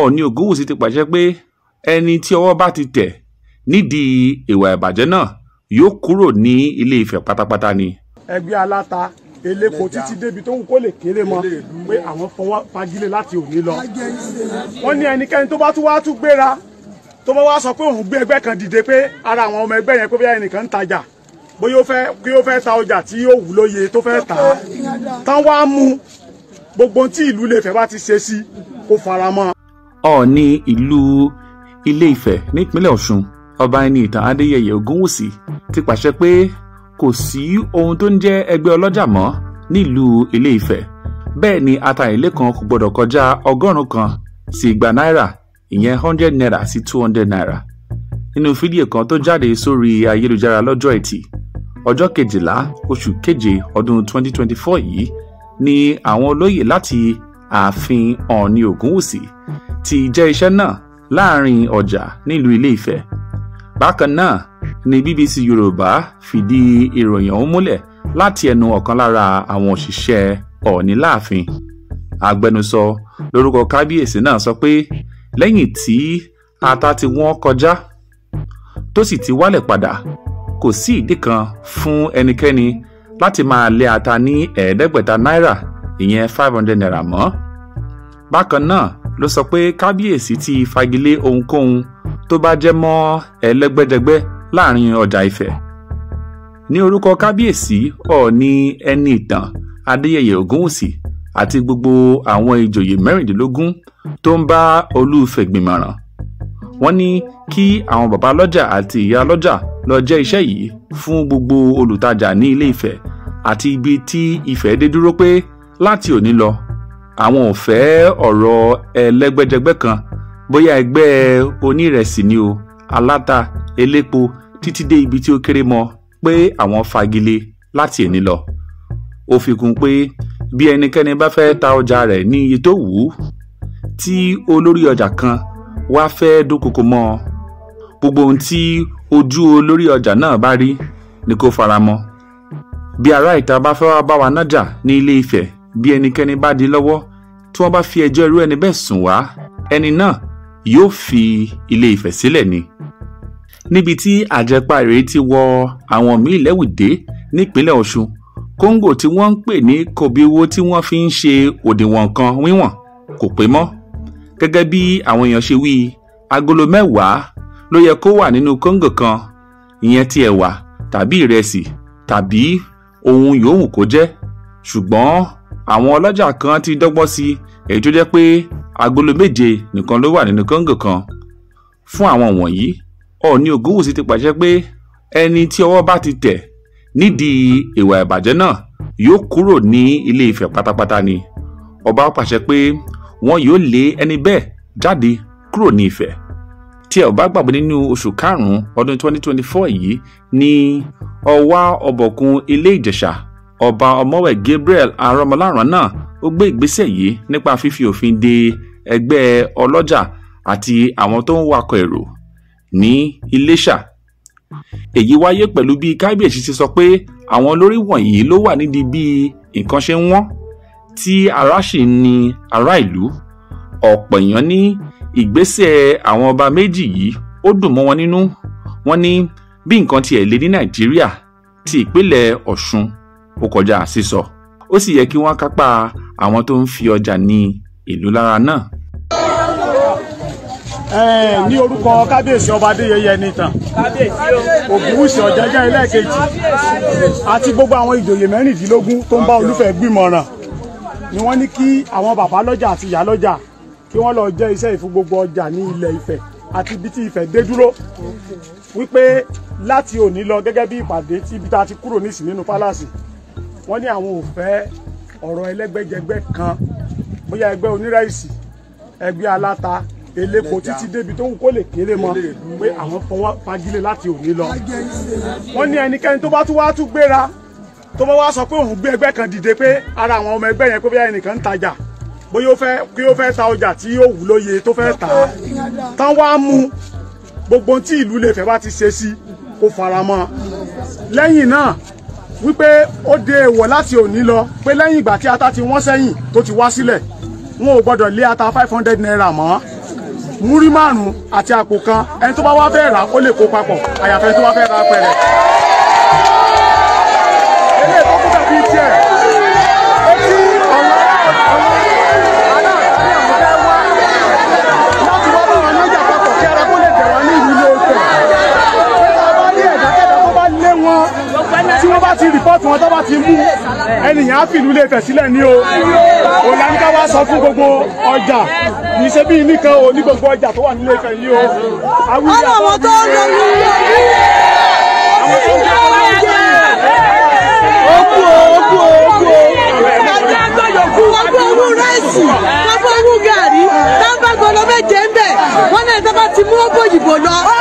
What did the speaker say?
ọ̀ọ́ni ògúnwùsì ti pàṣẹ pé ẹni tí ọwọ́ bá ti tẹ̀ nídìí ìwà ìbàjẹ́ náà yóò kúrò ní ilé Ifẹ̀ pátápátá ni. ẹgbẹ́ aláta elépo títí débi tó ń kó lè kéré mọ pé àwọn fọwọ́ fagilé láti òní lọ. wọ́n ní ẹnikẹ́ni tó bá tún wá tún gbéra tó bá wá sọ pé òun gbé ẹgbẹ́ kan dìde pé ara àwọn ọmọ ẹgbẹ́ yẹn pé bí ẹnìkan ń tajà bóyá ó fẹ́ kí ó fẹ́ ta ọjà tí yóò wúlò iye tó fẹ́ tà á tán wá mú gbogbo tí ìlú lè fẹ́ bá ti ṣe sí kó fara mọ́ ọ̀ọ́ni ìlú ilé ifẹ̀ nípínlẹ̀ ọ̀ṣun ọba ẹni ìtàn adéyẹyẹ ògúnwùsì ti pàṣẹ pé kò sí ohun tó ń jẹ́ ẹgbẹ́ ọlọ́jà mọ́ nílùú ilé ifẹ̀ bẹ́ẹ̀ ni ata ilé kan kò gbọdọ̀ kọjá ọgọ́rùn-ún kan sí igba náírà ìyẹn hundred naira sí two hundred naira nínú fídíò kan tó jáde sórí ayélujára lọ́jọ́ ẹtì ọjọ́ kejìlá oṣù keje ọdún twenty twenty four yìí ni àwọn olóyè láti ààfin ọ̀ọ̀ni ògúnwùsì ti jẹ́ iṣẹ́ náà láàrin ọjà nílùú ilé ìfẹ́ bákan náà ni bbc yorùbá fìdí ìròyìn ọ̀hún múlẹ̀ láti ẹnu ọ̀kan lára àwọn òṣìṣẹ́ ọ̀ọ̀ni láàfin agbẹnusọ lórúkọ kábíyèsí náà sọ pé lẹ́yìn tí ata ti wọ́n kọjá tó sì ti wálẹ̀ padà kò sí ìdí kan fún ẹnikẹ́ni láti máa lé ata ní ẹ̀ẹ́dẹ́gbẹ̀ta náírà ìyẹn five hundred naira mọ́ bákan náà ló sọ pé kábíyèsí ti fagilé ohunkóhun tó bá jẹ́ mọ́ ẹlẹ́gbẹ́dẹgbẹ́ láàrin ọjà Ifẹ̀ ní orúkọ kábíyèsí Ọọ̀ni ẹni ìtàn Adéyẹyè Ògúnwùsì àti gbogbo àwọn ìjòyè mẹ́rìndínlógún tó ń bá Olúfẹ̀ gbìmọ̀ràn wọ́n ní kí àwọn bàbá lọ́jà àti ìyá lọ́jà lọ jẹ́ iṣẹ́ yìí fún gbogbo olùtajà ní Ilé Ifẹ̀ àti ibi tí Ifẹ̀ dé dúró pé láti òní lọ àwọn ò fẹ́ ọ̀rọ̀ ẹlẹ́gbẹ́jẹgbẹ́ kan bóyá ẹgbẹ́ onírẹ̀sì ni o aláta elépo títí dé ibi tí ó kéré mọ́ pé àwọn fagilé láti èní lọ ó fi kún pé bí ẹnikẹ́ni bá fẹ́ ta ọjà rẹ̀ ní iye tó wù ú tí olórí ọjà kan wá fẹ́ dúnkokò mọ́ ọ gbogbo ohun tí ojú olórí ọjà náà bá rí ni kó faramọ́ bí ará ìta bá fẹ́ wá bá wa nájà ní ilé Ifẹ̀ bí ẹnikẹ́ni bá di lọ́wọ́ tí wọ́n bá fi ẹjọ́ irú ẹni bẹ́ẹ̀ sùn wá ẹni náà yóò fi ilé Ifẹ̀ sílẹ̀ ni. níbi tí àjẹpà rèé ti wọ àwọn míì lẹ́wùdé nípínlẹ̀ Ọ̀ṣun kóńgò tí wọ́n ń pè ní kòbíwó tí wọ́n fi ń ṣe òdiwọ̀n kan wíwọ̀n kò pé mọ́ gẹ́gẹ́ bí àwọn èèyàn ṣe wí agolo mẹ́wàá ló yẹ kó wà nínú kóńgò kan ìyẹn ti ẹ̀wà tàbí ìrẹsì tàbí ohun yòówù kó jẹ́ ṣùgbọ́n àwọn ọlọ́jà kan ti dọ́gbọ́n sí èyí tó jẹ́ pé agolo méje nìkan ló wà nínú kóńgò kan fún àwọn wọ̀nyí Ọọ̀ni Ògúnwùsì ti pàṣẹ pé ẹni tí ọwọ́ bá ti tẹ̀ nídìí ìwà ìbàjẹ́ náà yóò kúrò ní ilé Ifẹ̀ pátápátá ni ọba pàṣẹ pé wọn yóò lé ẹni bẹ́ẹ̀ jáde kúrò ní Ifẹ̀ tí ẹ ò bá gbàgbé nínú oṣù karùn-ún ọdún 2024 yìí ni ọwá ọbọ̀kun ilé Ìjẹ̀ṣà ọba ọmọwẹ̀ Gabriel arọmọláran náà ó gbé ìgbésẹ̀ yìí nípa fífi òfin de ẹgbẹ́ ọlọ́jà àti àwọn tó ń wakọ̀ èrò ní Iléṣà èyí wáyé pẹ̀lú bí kábíyèsí ti sọ pé àwọn olórí wọ̀nyí ló wà nídìí bí nǹkan ṣe ń wọ́n tí ara sì ń ni ará ìlú ọ̀pọ̀ èèyàn ní ìgbésẹ̀ àwọn ọba méjì yìí ó dùn mọ́ wọn nínú wọ́n ní bí nǹkan tiẹ̀ lé ní Nàìjíríà ti ìpínlẹ̀ Ọ̀ṣun ó kọjá sísọ ó sì yẹ kí wọ́n kápá àwọn tó ń fi ọjà ní ìlú lára náà. ní orúkọ kábíyèsí ọba adéyẹyẹ nìtàn ògúnwùsì ọ̀jájá ẹlẹ́ẹ̀kejì àti gbogbo àwọn ìjòyè mẹ́rìndínlógún tó ń bá olúfẹ̀ gbìmọ̀ràn ni wọ́n ní kí àwọn bàbá lọ́jà àti ìyá lọ́jà kí wọ́n lọ jẹ́ iṣẹ́ ìfún gbogbo ọjà ní ilẹ̀ Ifẹ̀ àti ibi tí Ifẹ̀ dé dúró wípé láti òní lọ gẹ́gẹ́ bí ìpàdé tí ibi tá a ti kúrò nísìn nínú pálásì wọ́n ní àwọn ò fẹ́ ọ̀rọ̀ ẹlẹ́gbẹ́jẹgbẹ́ kan bóyá ẹgbẹ́ oníráìsì ẹgbẹ́ aláta eléko títí débi tó ń kó lè kéré mọ pé àwọn fọwọ́ fagilé láti òní lọ wọ́n ní ẹnikẹ́ni tó bá tún wá tún gbéra tó bá wá sọ pé òun gbé ẹgbẹ́ kan dìde pé ara àwọn ọmọ ẹgbẹ́ yẹn pé bóyá ẹnìkan ń tajà bóyá ó fẹ́ kí ó fẹ́ ta ọjà tí yóò wù lóye tó fẹ́ tà á tán wá mú gbogbo tí ìlú lè fẹ́ bá ti ṣe sí kó fara mọ́ lẹ́yìn náà wípé ó de èèwọ̀ láti òní lọ pé lẹ́yìn ìgbà tí ata ti wọ́n sẹ́yìn tó ti wá sílẹ̀ wọn ò gbọ́dọ̀ lé ata five hundred naira mọ́ múrí márùn-ún àti àpò kan ẹni tó bá wá fẹ́ rà ó lè kó papọ̀ àyàfẹ́ tó bá fẹ́ ra pẹ̀rẹ̀. bá ti rìpọ́tù wọn tó bá ti mú ẹnìyàn á fìlú lè fẹ̀sílẹ̀ ní o òlànìkà wá sọ fún gbogbo ọjà kì í ṣe bí nìkan o ní gbogbo ọjà tó wà nílé Ifẹ̀ ní o okú o okú o. ti mú ó bòyìnbó lọ.